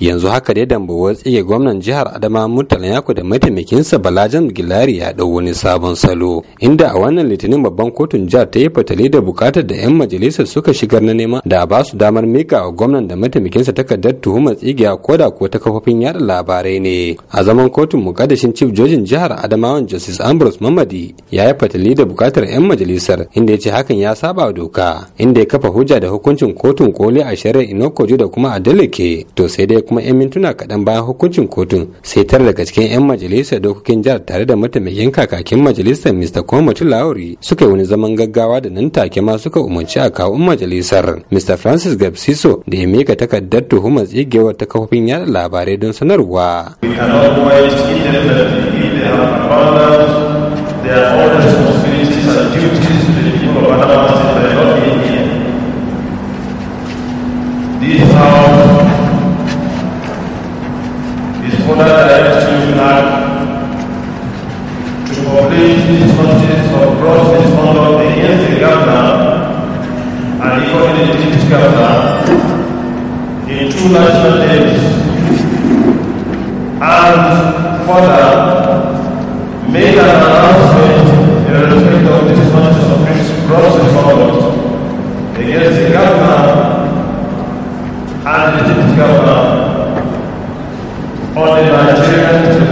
yanzu haka dai dambuwar tsige gwamnan jihar adama murtala yako da mataimakinsa balajan gilari ya dau wani sabon salo inda a wannan litinin babban kotun jihar ta yi fatali da bukatar da 'yan majalisar suka shigar na nema da ba su damar mika wa gwamnan da mataimakinsa takardar tuhumar tsigiya koda ko ta kafofin yada labarai ne a zaman kotun mukaddashin chief jojin jihar adamawan justice ambrose mamadi ya yi fatali da bukatar 'yan majalisar inda ya ce hakan ya saba doka inda ya kafa hujja da hukuncin kotun koli a shari'a inokoji da kuma adeleke to sai dai kuma 'yan mintuna kaɗan bayan hukuncin kotun sai tara daga cikin 'yan majalisar dokokin jihar tare da mataimakin kakakin majalisar mr komatu lauri suka yi wani zaman gaggawa da nan take ma suka umarci a kawo majalisar mr francis gabsiso da ya mika takardar tuhumar tsigewar ta kafofin yada labarai don sanarwa Their orders, responsibilities, and duties misconduct or gross misconduct against the governor and the deputy governor in two national days. And further, made an announcement in respect of this of gross misconduct the governor and the deputy governor on the Nigerian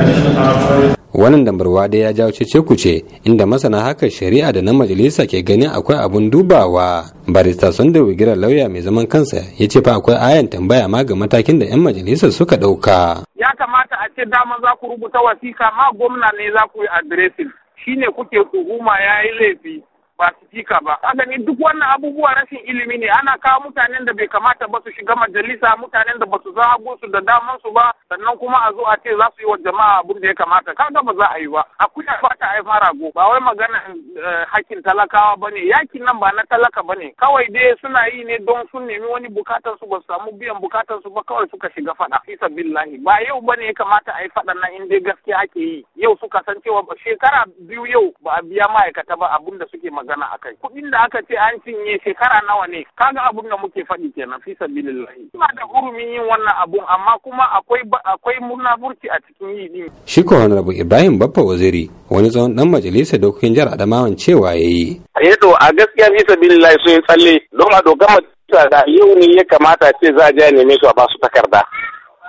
wannan dambarwa dai ya jawo cece kuce inda masana hakan shari'a da na majalisa ke gani akwai abun dubawa barista sanda wigira lauya mai zaman kansa ya ce fa akwai ayan tambaya ma ga matakin da 'yan majalisar suka ɗauka ya kamata a ce dama za ku rubuta wasiƙa ma gwamna ne za ku yi adiresin shine kuke tuhuma ya yi laifi ba sifika ba asali duk wannan abubuwa rashin ilimi ne ana kawo mutanen da bai kamata ba su shiga majalisa mutanen da ba su san hagu su da daman su ba sannan kuma a zo a ce za su yi wa jama'a abun da ya kamata kaga ba za a yi ba a akuya ba ta fara rago ba wai magana eh, hakkin talakawa ba ne yakin nan ba na talaka ba ne kawai dai suna yi ne don sun nemi wani bukatan su ba su samu biyan bukatan su ba kawai suka shiga faɗa fisa billahi ba yau ba ne ya kamata a yi faɗan nan in dai gaskiya ake yi yau suka san cewa shekara biyu yau ba a biya ma'aikata ba abin da suke magana magana kai kuɗin da aka ce an cinye shekara nawa ne kaga abun da muke faɗi kenan fi sabilillahi ina da hurumin yin wannan abun amma kuma akwai akwai murnaburci a cikin yi din shi ko honorable Ibrahim Baffa Waziri wani tsawon dan majalisar dokokin jihar Adamawan cewa yayi yi eh a gaskiya fi sabilillahi so ya tsalle don a majalisa da yau ne ya kamata ce za a je neme su a basu takarda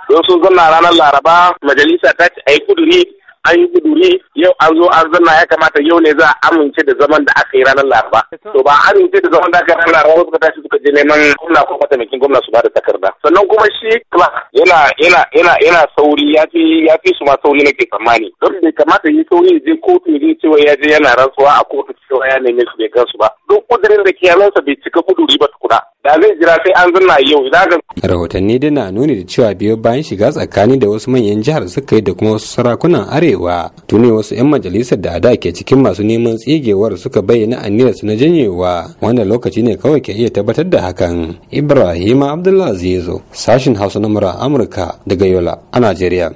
don sun zanna ranar laraba majalisa ta ce a yi kuduri an yi guduri yau an zo an zanna ya kamata yau ne za a amince da zaman da aka yi ranar laraba to ba amince da zaman da aka yi ranar laraba suka tashi suka je neman gwamna ko mataimakin gwamna su ba da takarda sannan kuma shi clark yana yana yana yana sauri ya fi ya fi su ma sauri na ke tsammani don bai kamata yi sauri je kotu ne cewa ya je yana rantsuwa a kotu cewa ya neme su bai su ba duk kudirin da kiyalansa bai cika guduri ba tukuna da zai jira sai an zanna yau rahotanni dana na nuni da cewa biyo bayan shiga tsakani da wasu manyan jihar suka yi da kuma wasu sarakunan arewa tuni wasu 'yan majalisar da ada ke cikin masu neman tsigewar suka bayyana aniyar su na janyewa wanda lokaci ne kawai ke iya tabbatar da hakan Ibrahim abdullahi zezo sashin hausa na mura amurka daga yola a najeriya